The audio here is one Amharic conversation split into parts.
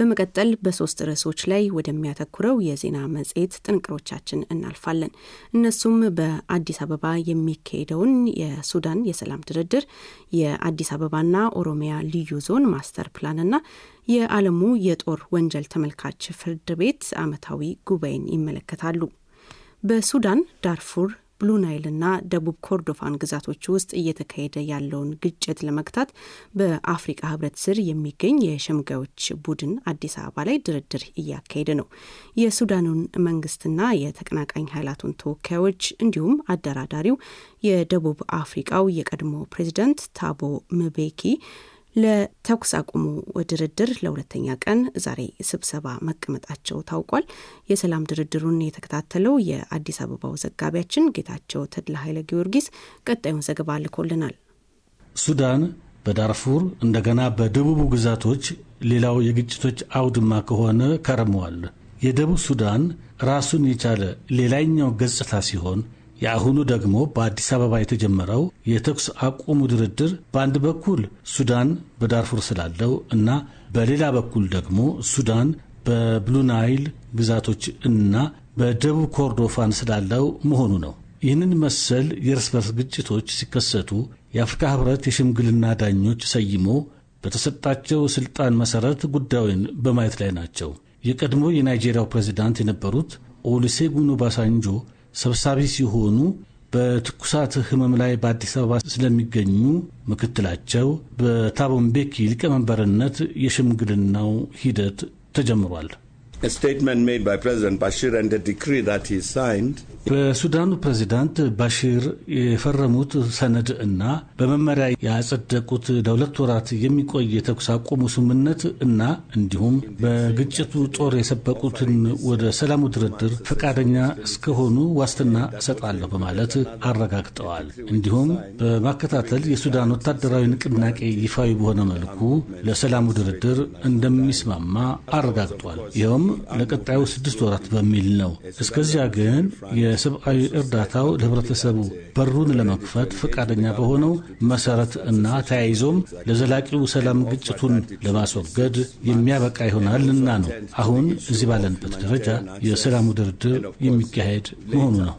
በመቀጠል በሶስት ርዕሶች ላይ ወደሚያተኩረው የዜና መጽሔት ጥንቅሮቻችን እናልፋለን። እነሱም በአዲስ አበባ የሚካሄደውን የሱዳን የሰላም ድርድር፣ የአዲስ አበባና ኦሮሚያ ልዩ ዞን ማስተር ፕላንና የዓለሙ የጦር ወንጀል ተመልካች ፍርድ ቤት ዓመታዊ ጉባኤን ይመለከታሉ። በሱዳን ዳርፉር ብሉ ናይልና ደቡብ ኮርዶፋን ግዛቶች ውስጥ እየተካሄደ ያለውን ግጭት ለመግታት በአፍሪቃ ህብረት ስር የሚገኝ የሸምጋዮች ቡድን አዲስ አበባ ላይ ድርድር እያካሄደ ነው። የሱዳኑን መንግስትና የተቀናቃኝ ኃይላቱን ተወካዮች እንዲሁም አደራዳሪው የደቡብ አፍሪቃው የቀድሞ ፕሬዚደንት ታቦ ምቤኪ ለተኩስ አቁሙ ድርድር ለሁለተኛ ቀን ዛሬ ስብሰባ መቀመጣቸው ታውቋል። የሰላም ድርድሩን የተከታተለው የአዲስ አበባው ዘጋቢያችን ጌታቸው ተድላ ኃይለ ጊዮርጊስ ቀጣዩን ዘገባ ልኮልናል። ሱዳን በዳርፉር እንደገና በደቡቡ ግዛቶች ሌላው የግጭቶች አውድማ ከሆነ ከርመዋል። የደቡብ ሱዳን ራሱን የቻለ ሌላኛው ገጽታ ሲሆን የአሁኑ ደግሞ በአዲስ አበባ የተጀመረው የተኩስ አቁሙ ድርድር በአንድ በኩል ሱዳን በዳርፉር ስላለው እና በሌላ በኩል ደግሞ ሱዳን በብሉናይል ግዛቶች እና በደቡብ ኮርዶፋን ስላለው መሆኑ ነው። ይህንን መሰል የእርስ በርስ ግጭቶች ሲከሰቱ የአፍሪካ ሕብረት የሽምግልና ዳኞች ሰይሞ በተሰጣቸው ስልጣን መሰረት ጉዳዩን በማየት ላይ ናቸው። የቀድሞ የናይጄሪያው ፕሬዚዳንት የነበሩት ኦሉሴጉን ኦባሳንጆ ሰብሳቢ ሲሆኑ በትኩሳት ህመም ላይ በአዲስ አበባ ስለሚገኙ ምክትላቸው በታቦምቤኪ ሊቀመንበርነት የሽምግልናው ሂደት ተጀምሯል። በሱዳኑ ፕሬዚዳንት ባሽር የፈረሙት ሰነድ እና በመመሪያ ያጸደቁት ለሁለት ወራት የሚቆይ የተኩስ አቁሙ ስምምነት እና እንዲሁም በግጭቱ ጦር የሰበቁትን ወደ ሰላሙ ድርድር ፈቃደኛ እስከሆኑ ዋስትና እሰጣለሁ በማለት አረጋግጠዋል። እንዲሁም በማከታተል የሱዳን ወታደራዊ ንቅናቄ ይፋዊ በሆነ መልኩ ለሰላሙ ድርድር እንደሚስማማ አረጋግጧል። ይኸውም ለቀጣዩ ስድስት ወራት በሚል ነው። እስከዚያ ግን የሰብአዊ እርዳታው ለህብረተሰቡ በሩን ለመክፈት ፈቃደኛ በሆነው መሰረት እና ተያይዞም ለዘላቂው ሰላም ግጭቱን ለማስወገድ የሚያበቃ ይሆናልና ነው አሁን እዚህ ባለንበት ደረጃ የሰላሙ ድርድር የሚካሄድ መሆኑ ነው።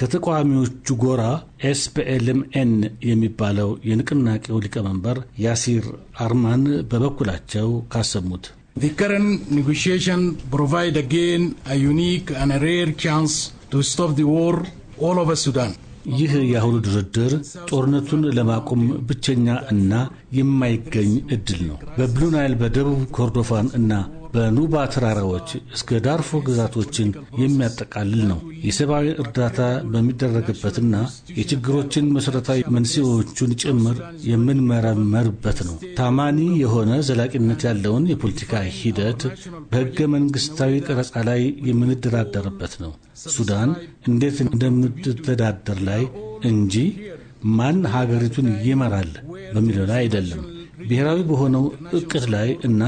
ከተቃዋሚዎቹ ጎራ ኤስፒኤልኤምኤን የሚባለው የንቅናቄው ሊቀመንበር ያሲር አርማን በበኩላቸው ካሰሙት The current negotiation provide again a unique and a rare chance to stop the war all over Sudan. ይህ የአሁኑ ድርድር ጦርነቱን ለማቆም ብቸኛ እና የማይገኝ እድል ነው። በብሉ ናይል፣ በደቡብ ኮርዶፋን እና በኑባ ተራራዎች እስከ ዳርፎ ግዛቶችን የሚያጠቃልል ነው። የሰብአዊ እርዳታ በሚደረግበትና የችግሮችን መሠረታዊ መንስኤዎቹን ጭምር የምንመረመርበት ነው። ታማኒ የሆነ ዘላቂነት ያለውን የፖለቲካ ሂደት በሕገ መንግሥታዊ ቀረጻ ላይ የምንደራደርበት ነው። ሱዳን እንዴት እንደምትተዳደር ላይ እንጂ ማን ሀገሪቱን ይመራል በሚለው ላይ አይደለም። ብሔራዊ በሆነው እቅድ ላይ እና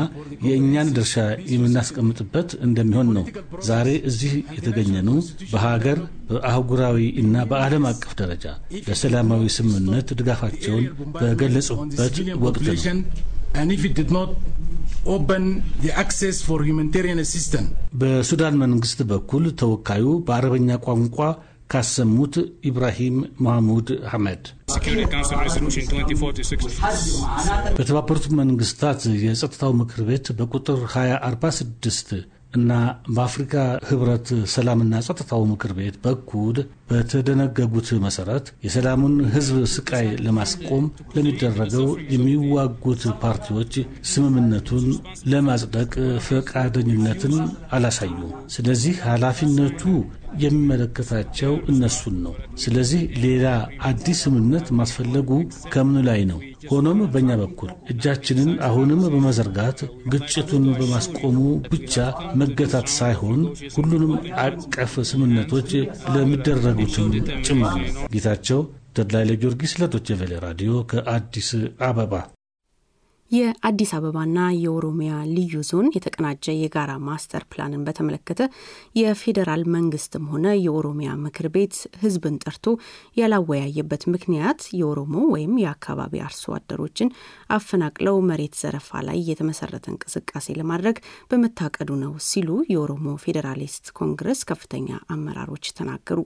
የእኛን ድርሻ የምናስቀምጥበት እንደሚሆን ነው። ዛሬ እዚህ የተገኘነው በሀገር በአህጉራዊ እና በዓለም አቀፍ ደረጃ ለሰላማዊ ስምምነት ድጋፋቸውን በገለጹበት ወቅት ነው። በሱዳን መንግስት በኩል ተወካዩ በአረበኛ ቋንቋ ካሰሙት ኢብራሂም መሐሙድ ሐመድ በተባበሩት መንግስታት የጸጥታው ምክር ቤት በቁጥር 2046 እና በአፍሪካ ህብረት ሰላምና ጸጥታው ምክር ቤት በኩል በተደነገጉት መሰረት የሰላሙን ህዝብ ስቃይ ለማስቆም ለሚደረገው የሚዋጉት ፓርቲዎች ስምምነቱን ለማጽደቅ ፈቃደኝነትን አላሳዩም። ስለዚህ ኃላፊነቱ የሚመለከታቸው እነሱን ነው። ስለዚህ ሌላ አዲስ ስምምነት ማስፈለጉ ከምኑ ላይ ነው? ሆኖም በእኛ በኩል እጃችንን አሁንም በመዘርጋት ግጭቱን በማስቆሙ ብቻ መገታት ሳይሆን ሁሉንም አቀፍ ስምምነቶች ለሚደረጉትም ጭምር ነው። ጌታቸው ተድላይ ለጊዮርጊስ ለዶቼ ቬለ ራዲዮ ከአዲስ አበባ የአዲስ አበባና የኦሮሚያ ልዩ ዞን የተቀናጀ የጋራ ማስተር ፕላንን በተመለከተ የፌዴራል መንግስትም ሆነ የኦሮሚያ ምክር ቤት ህዝብን ጠርቶ ያላወያየበት ምክንያት የኦሮሞ ወይም የአካባቢ አርሶ አደሮችን አፈናቅለው መሬት ዘረፋ ላይ የተመሰረተ እንቅስቃሴ ለማድረግ በመታቀዱ ነው ሲሉ የኦሮሞ ፌዴራሊስት ኮንግረስ ከፍተኛ አመራሮች ተናገሩ።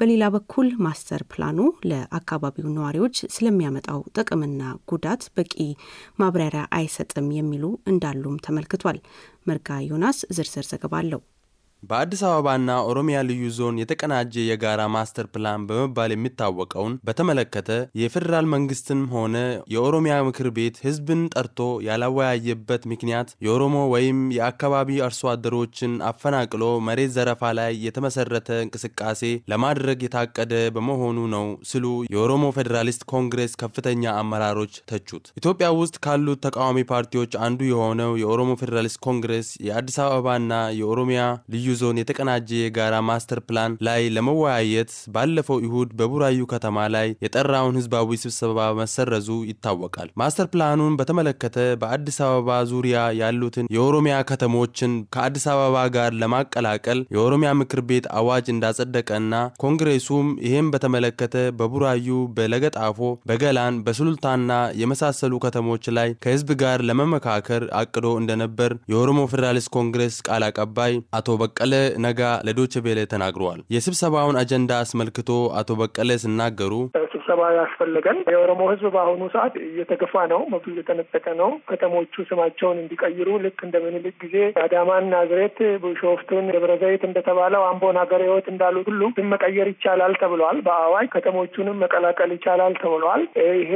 በሌላ በኩል ማስተር ፕላኑ ለአካባቢው ነዋሪዎች ስለሚያመጣው ጥቅምና ጉዳት በቂ ማብሪያ ማብራሪያ አይሰጥም የሚሉ እንዳሉም ተመልክቷል። መርጋ ዮናስ ዝርዝር ዘገባ አለው። በአዲስ አበባና ኦሮሚያ ልዩ ዞን የተቀናጀ የጋራ ማስተር ፕላን በመባል የሚታወቀውን በተመለከተ የፌዴራል መንግስትም ሆነ የኦሮሚያ ምክር ቤት ህዝብን ጠርቶ ያላወያየበት ምክንያት የኦሮሞ ወይም የአካባቢ አርሶ አደሮችን አፈናቅሎ መሬት ዘረፋ ላይ የተመሰረተ እንቅስቃሴ ለማድረግ የታቀደ በመሆኑ ነው ሲሉ የኦሮሞ ፌዴራሊስት ኮንግሬስ ከፍተኛ አመራሮች ተቹት። ኢትዮጵያ ውስጥ ካሉት ተቃዋሚ ፓርቲዎች አንዱ የሆነው የኦሮሞ ፌዴራሊስት ኮንግሬስ የአዲስ አበባና የኦሮሚያ ልዩ ልዩ ዞን የተቀናጀ የጋራ ማስተር ፕላን ላይ ለመወያየት ባለፈው እሁድ በቡራዩ ከተማ ላይ የጠራውን ህዝባዊ ስብሰባ መሰረዙ ይታወቃል። ማስተር ፕላኑን በተመለከተ በአዲስ አበባ ዙሪያ ያሉትን የኦሮሚያ ከተሞችን ከአዲስ አበባ ጋር ለማቀላቀል የኦሮሚያ ምክር ቤት አዋጅ እንዳጸደቀና ኮንግሬሱም ይህም በተመለከተ በቡራዩ፣ በለገጣፎ፣ በገላን፣ በሱሉልታና የመሳሰሉ ከተሞች ላይ ከህዝብ ጋር ለመመካከር አቅዶ እንደነበር የኦሮሞ ፌዴራሊስት ኮንግሬስ ቃል አቀባይ አቶ በቃ በቀለ ነጋ ለዶችቬሌ ተናግረዋል። የስብሰባውን አጀንዳ አስመልክቶ አቶ በቀለ ሲናገሩ ስብሰባ ያስፈለገን። የኦሮሞ ህዝብ በአሁኑ ሰዓት እየተገፋ ነው፣ መብቱ እየተነጠቀ ነው። ከተሞቹ ስማቸውን እንዲቀይሩ ልክ እንደ ምኒልክ ጊዜ አዳማን ናዝሬት፣ ቢሾፍቱን ደብረ ዘይት እንደተባለው አምቦን ሀገር ህይወት እንዳሉ ሁሉ ስም መቀየር ይቻላል ተብሏል። በአዋጅ ከተሞቹንም መቀላቀል ይቻላል ተብሏል። ይሄ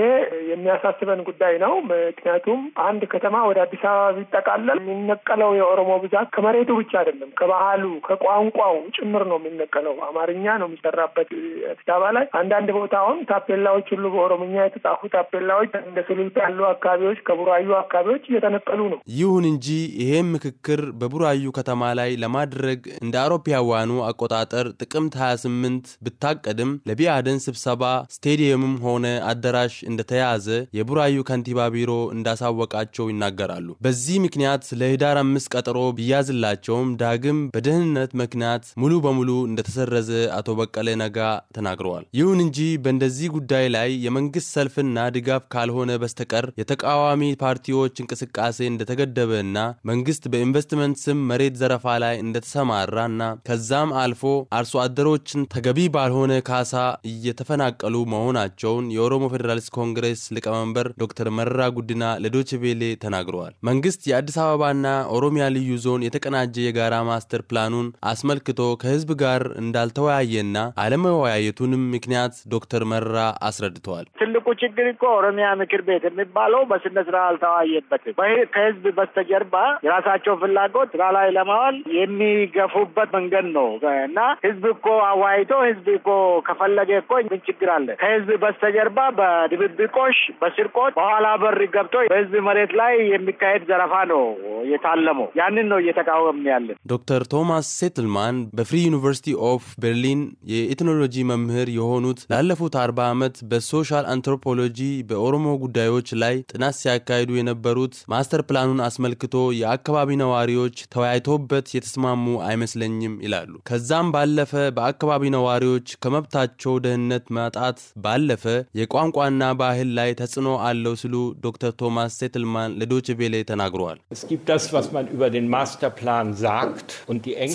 የሚያሳስበን ጉዳይ ነው። ምክንያቱም አንድ ከተማ ወደ አዲስ አበባ ቢጠቃለል የሚነቀለው የኦሮሞ ብዛት ከመሬቱ ብቻ አይደለም፣ ከባህሉ ከቋንቋው ጭምር ነው የሚነቀለው። አማርኛ ነው የሚሰራበት አዲስ አበባ ላይ አንዳንድ ቦታውን ታፔላዎች ሁሉ በኦሮምኛ የተጻፉ ታፔላዎች እንደ ስልት ያሉ አካባቢዎች ከቡራዩ አካባቢዎች እየተነቀሉ ነው። ይሁን እንጂ ይሄም ምክክር በቡራዩ ከተማ ላይ ለማድረግ እንደ አውሮፓውያኑ አቆጣጠር ጥቅምት 28 ብታቀድም ለቢያደን ስብሰባ ስቴዲየምም ሆነ አዳራሽ እንደተያዘ የቡራዩ ከንቲባ ቢሮ እንዳሳወቃቸው ይናገራሉ። በዚህ ምክንያት ለህዳር አምስት ቀጠሮ ብያዝላቸውም ዳግም በደህንነት ምክንያት ሙሉ በሙሉ እንደተሰረዘ አቶ በቀለ ነጋ ተናግረዋል። ይሁን እንጂ በእንደዚህ ጉዳይ ላይ የመንግስት ሰልፍና ድጋፍ ካልሆነ በስተቀር የተቃዋሚ ፓርቲዎች እንቅስቃሴ እንደተገደበ ና መንግስት በኢንቨስትመንት ስም መሬት ዘረፋ ላይ እንደተሰማራና ከዛም አልፎ አርሶ አደሮችን ተገቢ ባልሆነ ካሳ እየተፈናቀሉ መሆናቸውን የኦሮሞ ፌዴራሊስት ኮንግሬስ ሊቀመንበር ዶክተር መረራ ጉዲና ለዶችቬሌ ተናግረዋል። መንግስት የአዲስ አበባና ኦሮሚያ ልዩ ዞን የተቀናጀ የጋራ ማስተር ፕላኑን አስመልክቶ ከህዝብ ጋር እንዳልተወያየና አለመወያየቱንም ምክንያት ዶክተር መረራ አስረድተዋል። ትልቁ ችግር እኮ ኦሮሚያ ምክር ቤት የሚባለው በስነ ስርዓት አልተዋየበትም። ከህዝብ በስተጀርባ የራሳቸው ፍላጎት ስራ ላይ ለማዋል የሚገፉበት መንገድ ነው እና ህዝብ እኮ አዋይቶ ህዝብ እኮ ከፈለገ እኮ ምን ችግር አለ? ከህዝብ በስተጀርባ በድብብቆሽ፣ በስርቆት፣ በኋላ በር ገብቶ በህዝብ መሬት ላይ የሚካሄድ ዘረፋ ነው የታለመው። ያንን ነው እየተቃወም ያለን። ዶክተር ቶማስ ሴትልማን በፍሪ ዩኒቨርሲቲ ኦፍ ቤርሊን የኢትኖሎጂ መምህር የሆኑት ላለፉት አርባ ዓመት በሶሻል አንትሮፖሎጂ በኦሮሞ ጉዳዮች ላይ ጥናት ሲያካሂዱ የነበሩት ማስተር ፕላኑን አስመልክቶ የአካባቢ ነዋሪዎች ተወያይቶበት የተስማሙ አይመስለኝም ይላሉ። ከዛም ባለፈ በአካባቢ ነዋሪዎች ከመብታቸው ደህንነት ማጣት ባለፈ የቋንቋና ባህል ላይ ተጽዕኖ አለው ሲሉ ዶክተር ቶማስ ሴትልማን ለዶች ቬሌ ተናግረዋል።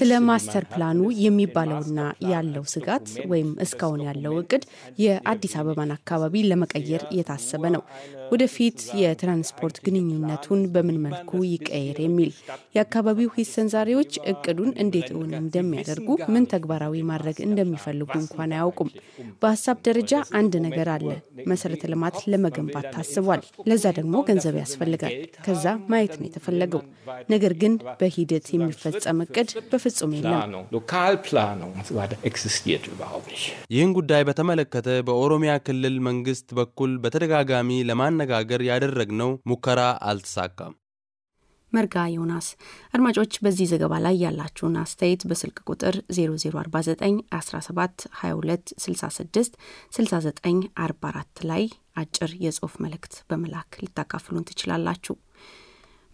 ስለ ማስተር ፕላኑ የሚባለውና ያለው ስጋት ወይም እስካሁን ያለው እቅድ አዲስ አበባን አካባቢ ለመቀየር እየታሰበ ነው። ወደፊት የትራንስፖርት ግንኙነቱን በምን መልኩ ይቀየር የሚል የአካባቢው ሂሰን ዛሬዎች እቅዱን እንዴት እውን እንደሚያደርጉ ምን ተግባራዊ ማድረግ እንደሚፈልጉ እንኳን አያውቁም። በሀሳብ ደረጃ አንድ ነገር አለ። መሰረተ ልማት ለመገንባት ታስቧል። ለዛ ደግሞ ገንዘብ ያስፈልጋል። ከዛ ማየት ነው የተፈለገው። ነገር ግን በሂደት የሚፈጸም እቅድ በፍጹም የለም። ይህን ጉዳይ በተመለከተ በኦ በኦሮሚያ ክልል መንግስት በኩል በተደጋጋሚ ለማነጋገር ያደረግነው ሙከራ አልተሳካም። መርጋ ዮናስ። አድማጮች በዚህ ዘገባ ላይ ያላችሁን አስተያየት በስልክ ቁጥር 0049 17 22 66 69 44 ላይ አጭር የጽሁፍ መልእክት በመላክ ልታካፍሉን ትችላላችሁ።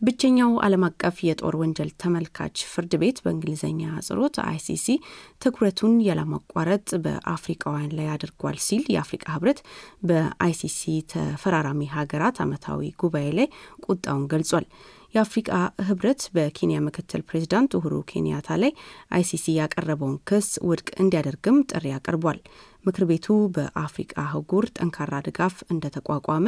ብቸኛው ዓለም አቀፍ የጦር ወንጀል ተመልካች ፍርድ ቤት በእንግሊዝኛ አጽሮት አይሲሲ ትኩረቱን ያለማቋረጥ በአፍሪቃውያን ላይ አድርጓል ሲል የአፍሪቃ ህብረት በአይሲሲ ተፈራራሚ ሀገራት ዓመታዊ ጉባኤ ላይ ቁጣውን ገልጿል። የአፍሪቃ ህብረት በኬንያ ምክትል ፕሬዚዳንት ኡሁሩ ኬንያታ ላይ አይሲሲ ያቀረበውን ክስ ውድቅ እንዲያደርግም ጥሪ አቅርቧል። ምክር ቤቱ በአፍሪቃ አህጉር ጠንካራ ድጋፍ እንደተቋቋመ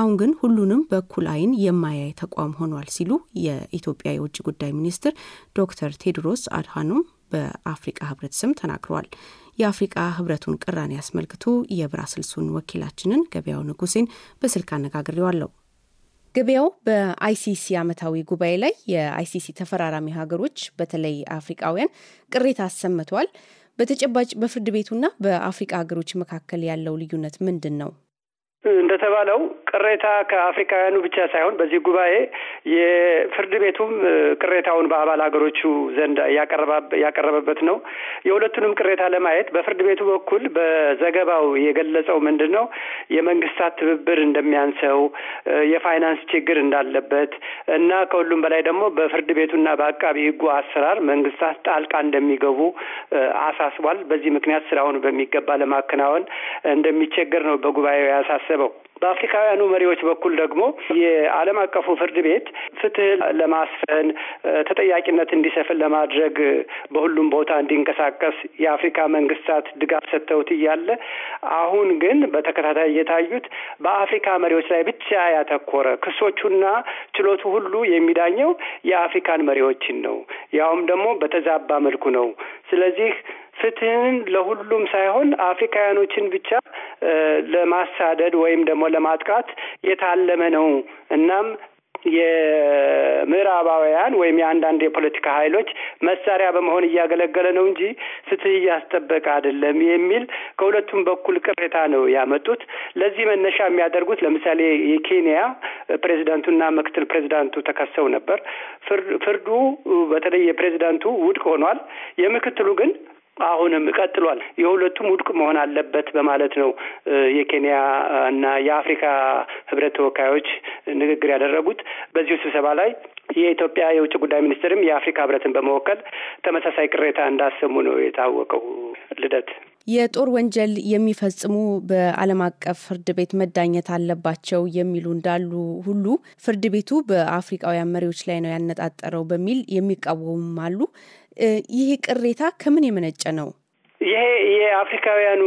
አሁን ግን ሁሉንም በኩል አይን የማያይ ተቋም ሆኗል ሲሉ የኢትዮጵያ የውጭ ጉዳይ ሚኒስትር ዶክተር ቴድሮስ አድሃኖም በአፍሪቃ ህብረት ስም ተናግረዋል። የአፍሪቃ ህብረቱን ቅራኔ አስመልክቶ የብራስልሱን ወኪላችንን ገበያው ንጉሴን በስልክ አነጋግሬዋለሁ። ገበያው በአይሲሲ ዓመታዊ ጉባኤ ላይ የአይሲሲ ተፈራራሚ ሀገሮች በተለይ አፍሪቃውያን ቅሬታ አሰምተዋል። በተጨባጭ በፍርድ ቤቱና በአፍሪቃ ሀገሮች መካከል ያለው ልዩነት ምንድን ነው? እንደተባለው ቅሬታ ከአፍሪካውያኑ ብቻ ሳይሆን በዚህ ጉባኤ የፍርድ ቤቱም ቅሬታውን በአባል ሀገሮቹ ዘንድ ያቀረበበት ነው። የሁለቱንም ቅሬታ ለማየት በፍርድ ቤቱ በኩል በዘገባው የገለጸው ምንድን ነው? የመንግስታት ትብብር እንደሚያንሰው፣ የፋይናንስ ችግር እንዳለበት እና ከሁሉም በላይ ደግሞ በፍርድ ቤቱና በአቃቢ ሕጉ አሰራር መንግስታት ጣልቃ እንደሚገቡ አሳስቧል። በዚህ ምክንያት ስራውን በሚገባ ለማከናወን እንደሚቸገር ነው በጉባኤው ያሳሰ የተገደበው። በአፍሪካውያኑ መሪዎች በኩል ደግሞ የዓለም አቀፉ ፍርድ ቤት ፍትህ ለማስፈን ተጠያቂነት እንዲሰፍን ለማድረግ በሁሉም ቦታ እንዲንቀሳቀስ የአፍሪካ መንግስታት ድጋፍ ሰጥተውት እያለ አሁን ግን በተከታታይ እየታዩት በአፍሪካ መሪዎች ላይ ብቻ ያተኮረ ክሶቹና ችሎቱ ሁሉ የሚዳኘው የአፍሪካን መሪዎችን ነው፣ ያውም ደግሞ በተዛባ መልኩ ነው። ስለዚህ ፍትህን ለሁሉም ሳይሆን አፍሪካውያኖችን ብቻ ለማሳደድ ወይም ደግሞ ለማጥቃት የታለመ ነው። እናም የምዕራባውያን ወይም የአንዳንድ የፖለቲካ ኃይሎች መሳሪያ በመሆን እያገለገለ ነው እንጂ ፍትህ እያስጠበቀ አይደለም የሚል ከሁለቱም በኩል ቅሬታ ነው ያመጡት። ለዚህ መነሻ የሚያደርጉት ለምሳሌ የኬንያ ፕሬዚዳንቱና ምክትል ፕሬዚዳንቱ ተከሰው ነበር። ፍርዱ በተለይ የፕሬዚዳንቱ ውድቅ ሆኗል። የምክትሉ ግን አሁንም ቀጥሏል። የሁለቱም ውድቅ መሆን አለበት በማለት ነው የኬንያ እና የአፍሪካ ህብረት ተወካዮች ንግግር ያደረጉት። በዚሁ ስብሰባ ላይ የኢትዮጵያ የውጭ ጉዳይ ሚኒስትርም የአፍሪካ ህብረትን በመወከል ተመሳሳይ ቅሬታ እንዳሰሙ ነው የታወቀው። ልደት የጦር ወንጀል የሚፈጽሙ በዓለም አቀፍ ፍርድ ቤት መዳኘት አለባቸው የሚሉ እንዳሉ ሁሉ ፍርድ ቤቱ በአፍሪቃውያን መሪዎች ላይ ነው ያነጣጠረው በሚል የሚቃወሙም አሉ። ይህ ቅሬታ ከምን የመነጨ ነው? ይሄ የአፍሪካውያኑ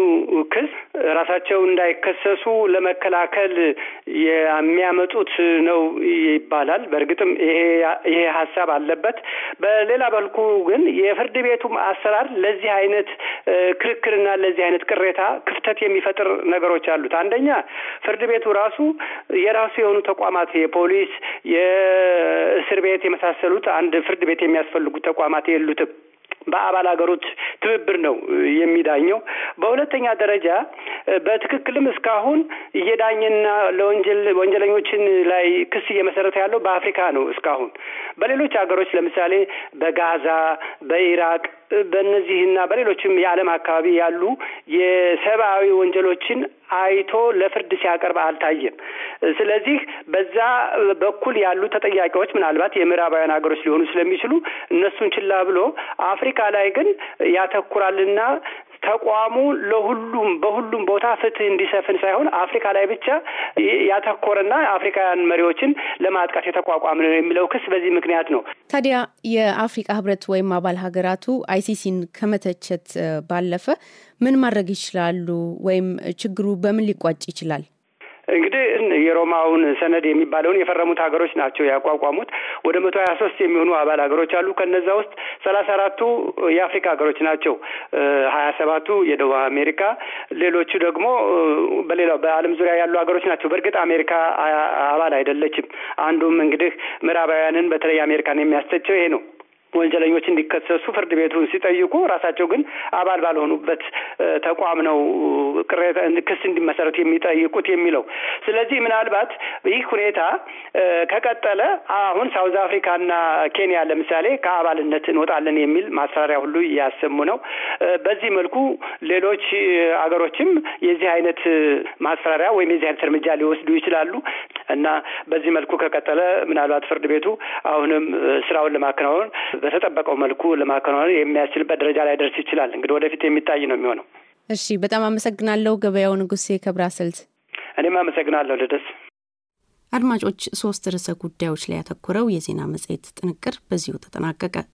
ክስ ራሳቸው እንዳይከሰሱ ለመከላከል የሚያመጡት ነው ይባላል። በእርግጥም ይሄ ሀሳብ አለበት። በሌላ በልኩ ግን የፍርድ ቤቱም አሰራር ለዚህ አይነት ክርክርና ለዚህ አይነት ቅሬታ ክፍተት የሚፈጥር ነገሮች አሉት። አንደኛ ፍርድ ቤቱ ራሱ የራሱ የሆኑ ተቋማት የፖሊስ፣ የእስር ቤት የመሳሰሉት አንድ ፍርድ ቤት የሚያስፈልጉት ተቋማት የሉትም። በአባል ሀገሮች ትብብር ነው የሚዳኘው። በሁለተኛ ደረጃ በትክክልም እስካሁን እየዳኝና ለወንጀል ወንጀለኞችን ላይ ክስ እየመሰረተ ያለው በአፍሪካ ነው። እስካሁን በሌሎች ሀገሮች ለምሳሌ በጋዛ፣ በኢራቅ በእነዚህና በሌሎችም የዓለም አካባቢ ያሉ የሰብአዊ ወንጀሎችን አይቶ ለፍርድ ሲያቀርብ አልታየም። ስለዚህ በዛ በኩል ያሉ ተጠያቂዎች ምናልባት የምዕራባውያን ሀገሮች ሊሆኑ ስለሚችሉ እነሱን ችላ ብሎ አፍሪካ ላይ ግን ያተኩራልና ተቋሙ ለሁሉም በሁሉም ቦታ ፍትህ እንዲሰፍን ሳይሆን አፍሪካ ላይ ብቻ ያተኮረና አፍሪካውያን መሪዎችን ለማጥቃት የተቋቋመ ነው የሚለው ክስ በዚህ ምክንያት ነው። ታዲያ የአፍሪካ ህብረት ወይም አባል ሀገራቱ አይሲሲን ከመተቸት ባለፈ ምን ማድረግ ይችላሉ? ወይም ችግሩ በምን ሊቋጭ ይችላል? እንግዲህ የሮማውን ሰነድ የሚባለውን የፈረሙት ሀገሮች ናቸው ያቋቋሙት። ወደ መቶ ሀያ ሶስት የሚሆኑ አባል ሀገሮች አሉ። ከነዛ ውስጥ ሰላሳ አራቱ የአፍሪካ ሀገሮች ናቸው። ሀያ ሰባቱ የደቡብ አሜሪካ፣ ሌሎቹ ደግሞ በሌላው በዓለም ዙሪያ ያሉ ሀገሮች ናቸው። በእርግጥ አሜሪካ አባል አይደለችም። አንዱም እንግዲህ ምዕራባውያንን በተለይ አሜሪካን የሚያስተቸው ይሄ ነው። ወንጀለኞች እንዲከሰሱ ፍርድ ቤቱን ሲጠይቁ ራሳቸው ግን አባል ባልሆኑበት ተቋም ነው ቅሬታ ክስ እንዲመሰረት የሚጠይቁት የሚለው። ስለዚህ ምናልባት ይህ ሁኔታ ከቀጠለ አሁን ሳውዝ አፍሪካና ኬንያ ለምሳሌ ከአባልነት እንወጣለን የሚል ማስፈራሪያ ሁሉ እያሰሙ ነው። በዚህ መልኩ ሌሎች አገሮችም የዚህ አይነት ማስፈራሪያ ወይም የዚህ አይነት እርምጃ ሊወስዱ ይችላሉ እና በዚህ መልኩ ከቀጠለ ምናልባት ፍርድ ቤቱ አሁንም ስራውን ለማከናወን በተጠበቀው መልኩ ለማከናወን የሚያስችልበት ደረጃ ላይ ደርስ ይችላል። እንግዲህ ወደፊት የሚታይ ነው የሚሆነው። እሺ፣ በጣም አመሰግናለሁ። ገበያው ንጉሴ ከብራስልስ። እኔም አመሰግናለሁ ልደስ አድማጮች፣ ሶስት ርዕሰ ጉዳዮች ላይ ያተኮረው የዜና መጽሔት ጥንቅር በዚሁ ተጠናቀቀ።